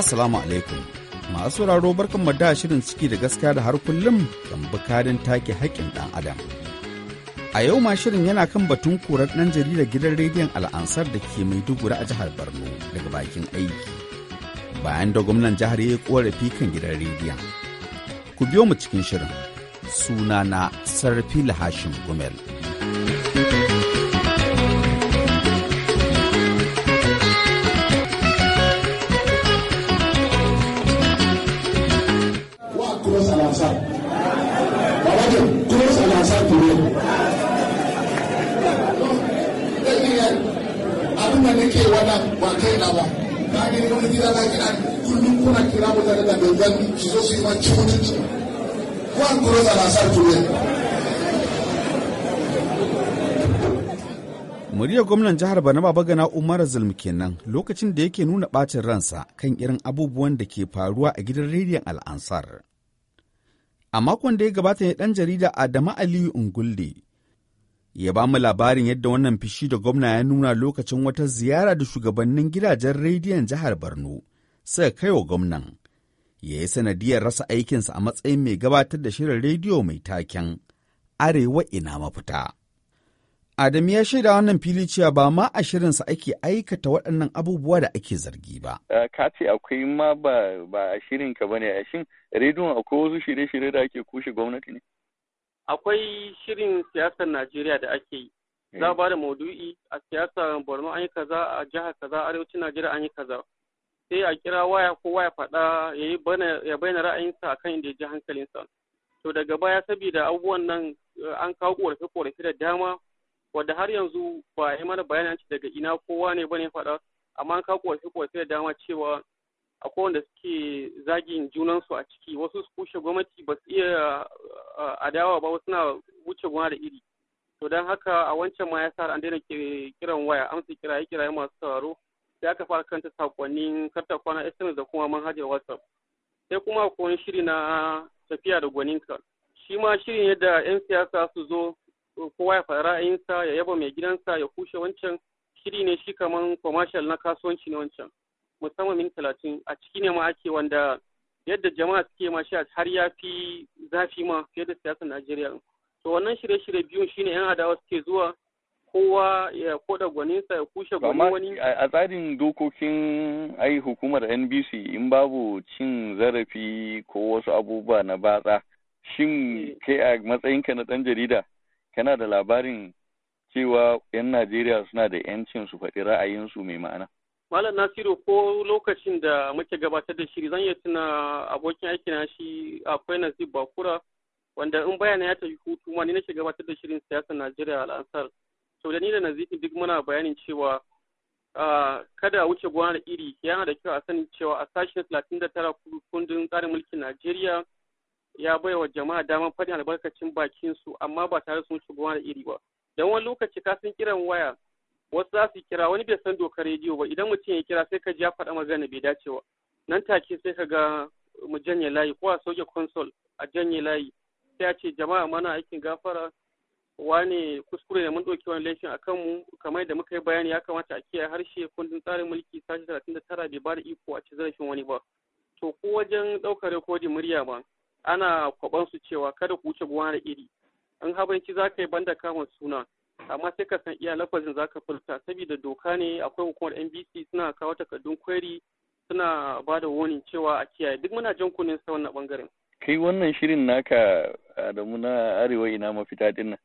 Assalamu alaikum. Masu sauraro barkan mu da shirin ciki da gaskiya da har kullum kan bukarin take haƙƙin ɗan adam. A yau ma shirin yana kan batun korar ɗan jaridar gidan rediyon al'ansar da ke Maiduguri a jihar Borno daga bakin aiki. Bayan da gwamnan jihar ya korafi kan gidan rediyon. Ku biyo mu cikin shirin. Sunana Sarfila Hashim Gumel. kuna muryar gwamnan jihar bana baba gana umar zulm kenan lokacin da yake nuna bacin ransa kan irin abubuwan da ke faruwa a gidan rediyon al'ansar a makon da ya gabata ne ɗan jarida Adama aliyu ungulde ya ba mu labarin yadda wannan fishi da gwamna ya nuna lokacin wata ziyara da shugabannin gidajen rediyon jihar barno ya kai wa gwamnan ya yi sanadiyar rasa aikinsa a matsayin mai gabatar da shirin rediyo mai taken arewa ina mafita. Adam ya shaida wannan fili cewa ba ma a shirinsa ake aikata waɗannan abubuwa da ake zargi ba. Ka ce akwai ma ba a shirinka ba ne a shin rediyon akwai wasu shirye-shirye da ake kushe gwamnati ne? Akwai shirin siyasar Najeriya da ake yi. Za eh. ba da maudu'i a siyasar Borno an yi kaza a jihar kaza arewacin Najeriya an yi kaza. sai a kira waya ko waya faɗa ya yi ya bayyana ra'ayinsa kan inda ya ji hankalinsa to daga baya saboda abubuwan nan eh, an kawo ƙorafi ƙorafi da dama wadda har yanzu ba yi mana bayanin daga ina kowa ne bane faɗa amma an kawo ƙorafi ƙorafi da dama cewa akwai wanda suke zagin junansu a ciki wasu su kushe gwamnati ba su iya adawa ba wasu na wuce gwamna da iri to don haka a wancan ma ya sa an daina kiran waya amsa kiraye kiraye masu sauraro sai aka fara kanta sakonnin karta kwana sms da kuma manhajar whatsapp sai kuma akwai shiri na tafiya da gwaninka shi ma shirin yadda 'yan siyasa su zo kowa ya fara ra'ayinsa ya yaba mai gidansa ya kushe wancan shiri ne shi kamar commercial na kasuwanci ne wancan musamman min talatin a ciki ne ma ake wanda yadda jama'a suke ma shi har ya fi zafi ma fiye da siyasar najeriya to wannan shirye-shirye biyun shine 'yan adawa suke zuwa kowa ya koda gwaninsa ya kushe gwani wani a tsarin dokokin ai hukumar NBC in babu cin zarafi ko wasu abubuwa na batsa shin eh. kai a matsayinka na ɗan jarida kana da labarin cewa 'yan Najeriya suna da 'yancin su faɗi ra'ayin su mai ma'ana Malam Nasiru ko lokacin da muke gabatar da shiri zan iya tuna abokin aikina shi akwai Nasir Bakura wanda in bayana ya tafi hutu ma ni nake gabatar da shirin siyasar Najeriya al'ansar Sau da ni da nazifi duk muna bayanin cewa kada wuce gwana da iri yana da kyau a sanin cewa a sashen talatin da tara kundin tsarin mulkin najeriya ya bai wa jama'a damar faɗin albarkacin bakin su amma ba tare su wuce gwana da iri ba don wani lokaci ka san kiran waya wasu za su kira wani bai san dokar rediyo ba idan mutum ya kira sai ka ji ya faɗa magana bai dace ba nan take sai ka ga mu janye layi ko a sauke konsol a janye layi sai a ce jama'a mana aikin gafara wani kuskure ne mun ɗauki wani laifin akan mu kamar da muka yi bayani ya kamata a kiyaye harshe kundin tsarin mulki sashi talatin da tara bai ba da iko a ci zarafin wani ba to ko wajen ɗaukar rikodin murya ba ana kwaban su cewa kada ku wuce gona da iri An habanci za ka yi banda kama suna amma sai ka san iya lafazin za ka furta saboda doka ne akwai hukumar nbc suna kawo takardun kwari suna ba da wani cewa a kiyaye duk muna jan kunun sa wannan bangaren kai wannan shirin naka da muna arewa ina mafita din nan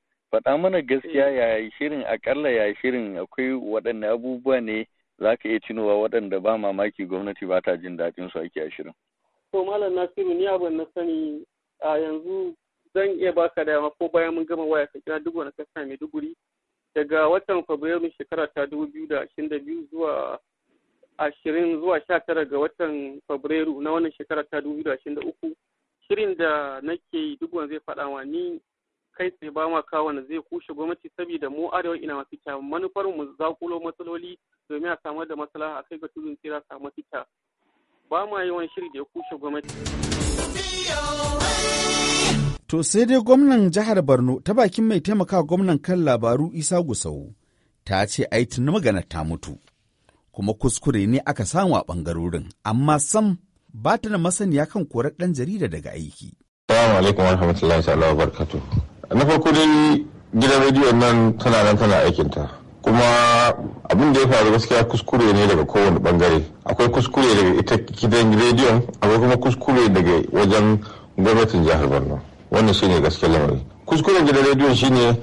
faɗa mana gaskiya eh. ya shirin akalla ya shirin akwai waɗanne abubuwa ne za ka iya tunowa waɗanda ba mamaki gwamnati ba ta jin daɗin su ake a shirin. to malam nasiru ni abin na sani a yanzu zan iya baka dama ko bayan mun gama waya ka kira duk wani kasa mai duguri daga watan fabrairu shekara ta dubu biyu da ashirin da biyu zuwa ashirin zuwa sha tara ga watan fabrairu na wannan shekara ta dubu biyu da ashirin da uku shirin da nake yi duk zai faɗa wa ni kai tsaye ba ma kawo wanda zai kushe gwamnati saboda mu arewa ina mafita manufar mu zakulo matsaloli domin a samar da masala a kai ga tudun tsira samu mafita ba ma yawan shiri da ya kushe gwamnati. To sai dai gwamnan jihar Borno ta bakin mai taimaka gwamnan kan labaru Isa Gusau ta ce ai tuni magana ta mutu kuma kuskure ne aka samu a bangarorin amma sam ba ta da masaniya kan korar ɗan jarida daga aiki. Assalamu alaikum warahmatullahi ta'ala na farko dai gidan rediyon nan tana nan tana aikinta kuma abin da ya faru gaskiya kuskure ne daga kowane bangare akwai kuskure daga ita gidan rediyon akwai kuma kuskure daga wajen gwamnatin jihar borno wannan shine gaskiya lamari kuskuren gidan rediyon shine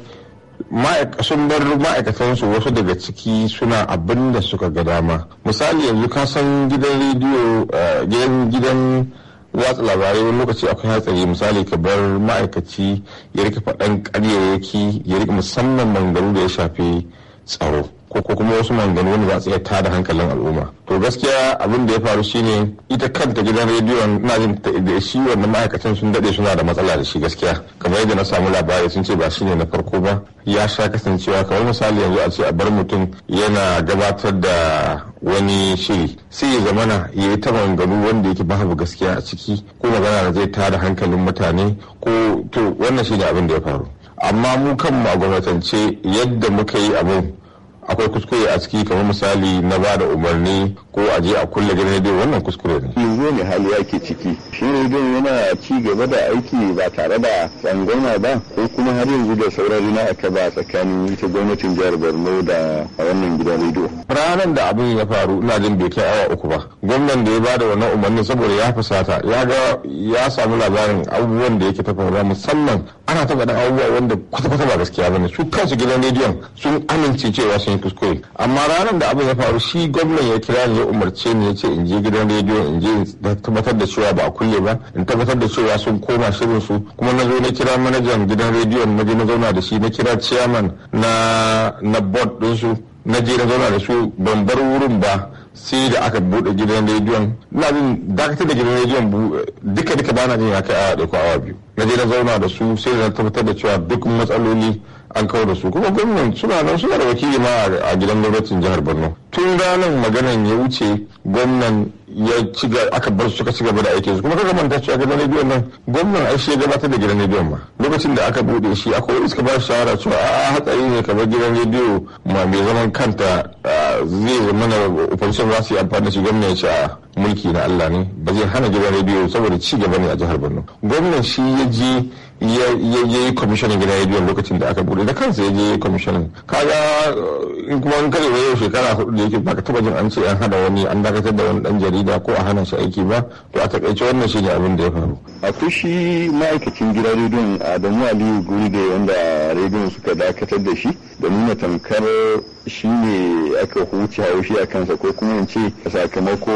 sun bar ma'aikatansu wasu daga ciki suna abin da suka ga dama misali yanzu ka san gidan rediyo eh, gidan watsa labarai wani lokaci akwai hatsari misali ka bar ma'aikaci ya rika faɗan ƙaryayyaki ya rika musamman mangaru da ya shafi tsaro ko kuma wasu maganganu wanda za su iya tada hankalin al'umma to gaskiya abin da ya faru shine ita kanta gidan rediyon na jin da shi wannan ma'aikacin sun dade suna da matsala da shi gaskiya kamar yadda na samu labari sun ce ba shine na farko ba ya sha kasancewa kamar misali yanzu a ce a bar mutum yana gabatar da wani shiri sai ya zamana ya yi ta maganganu wanda yake babu gaskiya a ciki ko magana da zai tada hankalin mutane ko to wannan shine abin da ya faru amma mu kanmu a gwamnatance yadda muka yi abin akwai kuskure a ciki kamar misali na ba da umarni ko a je a kulle gidan rediyo wannan kuskure ne. yanzu ne hali yake ciki shi rediyon yana ci gaba da aiki ba tare da tsangwama ba ko kuma har yanzu da saurari na aka ba tsakanin ita gwamnatin jihar borno da wannan gidan rediyo. ranar da abin ya faru ina jin bai kai awa uku ba gwamnan da ya ba da wannan umarni saboda ya fusata ya ga ya samu labarin abubuwan da yake ta musamman ana ta faɗin abubuwa wanda kwata-kwata ba gaskiya bane su kansu gidan rediyon sun amince cewa sun yi kuskure amma ranar da abin ya faru shi gwamnan ya kira ni ya umarce ni ya ce in je gidan rediyo in je in tabbatar da cewa ba a kulle ba in tabbatar da cewa sun koma shirin su kuma na zo na kira manajan gidan rediyon na je na zauna da shi na kira chairman na na board din su na je na zauna da su ban bar wurin ba sai da aka bude gidan rediyon na jin dakatar da gidan rediyon duka duka bana jin ya kai a ɗauko awa biyu na na zauna da su sai na tabbatar da cewa duk matsaloli an kawo da su kuma gwamnan suna nan suna da wakili ma a gidan gwamnatin jihar borno tun ranar maganan ya wuce gwamnan ya ci aka bar su suka ci gaba da aikin su kuma kaga manta cewa gidan rediyon nan gwamnan ai shi ya gabatar da gidan rediyon ma lokacin da aka bude shi akwai wani suka ba shi shawara cewa a hatsari ne kamar gidan rediyo ma mai zaman kanta zai zama na opposition za su yi amfani da shi gwamnan ya ce a mulki na Allah ne ba zai hana gidan rediyo saboda ci gaba ne a jihar Borno gwamnan shi ya je ya yi kwamishinan gida ya lokacin da aka bude da kansa ya je kwamishinan kaga uh, in kuma an kare yau shekara hudu da yake ba ka taba jin an ce an hada wani an dakatar da wani dan jarida ko a hana shi aiki ba to a takaice wannan shine abin da ya faru akwai shi ma'aikacin gida rediyon adamu aliyu guri da wanda rediyon suka dakatar da shi da nuna tamkar shi ne aka huce haushi a kansa ko kuma in ce sakamako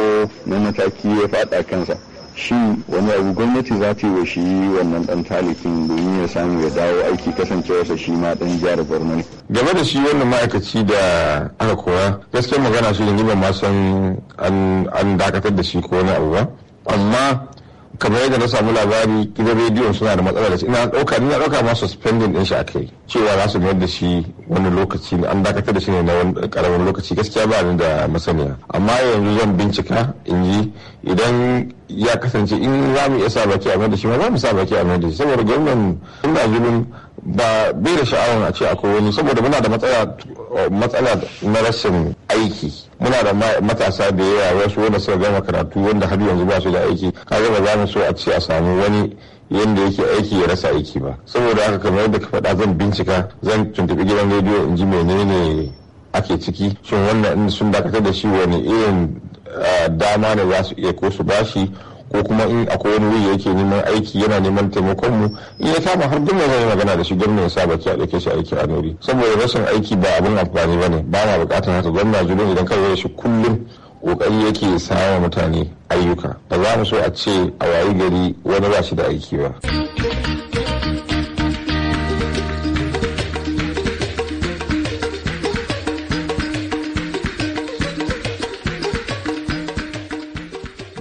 na mataki ya faɗa kansa shin wani abu gwamnati za ta yi wa shi wannan dan talifin domin ya samu ya dawo aiki kasancewarsa shi ma dan jihar borno game da shi wannan ma'aikaci da aka koya gaskiyar magana shi yanzu ban ma san an dakatar da shi ko wani abu ba amma kamar yadda na samu labari gidan rediyon suna da matsalar da shi ina dauka ina dauka ma suspending din shi akai cewa za su mayar da shi wani lokaci ne an dakatar da shi ne na wani karamin lokaci gaskiya ba ni da masaniya amma yanzu zan bincika in ji idan ya kasance in za mu iya sa baki a mayar da shi ma za mu sa baki a mayar da shi saboda gwamnan ina zubin ba bai da sha'awar a ce akwai wani saboda muna da matsala na rashin aiki muna da matasa da yawa wasu wanda suka gama karatu wanda har yanzu ba su da aiki kaga ba za mu so a ce a samu wani yadda yake aiki ya rasa aiki ba saboda haka kamar yadda ka faɗa zan bincika zan tuntuɓi gidan rediyo in ji menene ake ciki shin wannan sun dakatar da shi wani irin eh, dama ne za su iya ko su bashi ko kuma in akwai wani wuri yake neman aiki yana neman taimakon mu in ya kama har duk zai magana da shi gwamna ya sa baki a dauke shi aiki a nori saboda rashin aiki ba abin amfani ba ne ba ma bukatar haka gwamna julun idan kai shi kullum kokari yake sawa mutane ayyuka ba za mu so a ce a wayi gari wani ba shi da aiki ba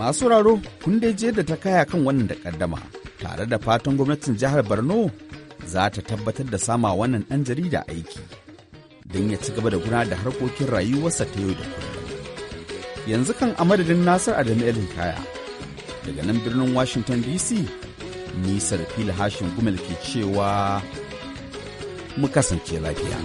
Masu raro kun dai je da ta kaya kan wannan da kaddama tare da fatan gwamnatin jihar Borno za ta tabbatar da sama wannan ɗan jarida aiki don ya ci gaba da gudanar da harkokin rayuwarsa ta yau da kullum. Yanzu kan a madadin Nasir Adamu Elin Kaya daga nan birnin Washington DC ni Sarfila Hashin Gumel ke cewa mu kasance lafiya.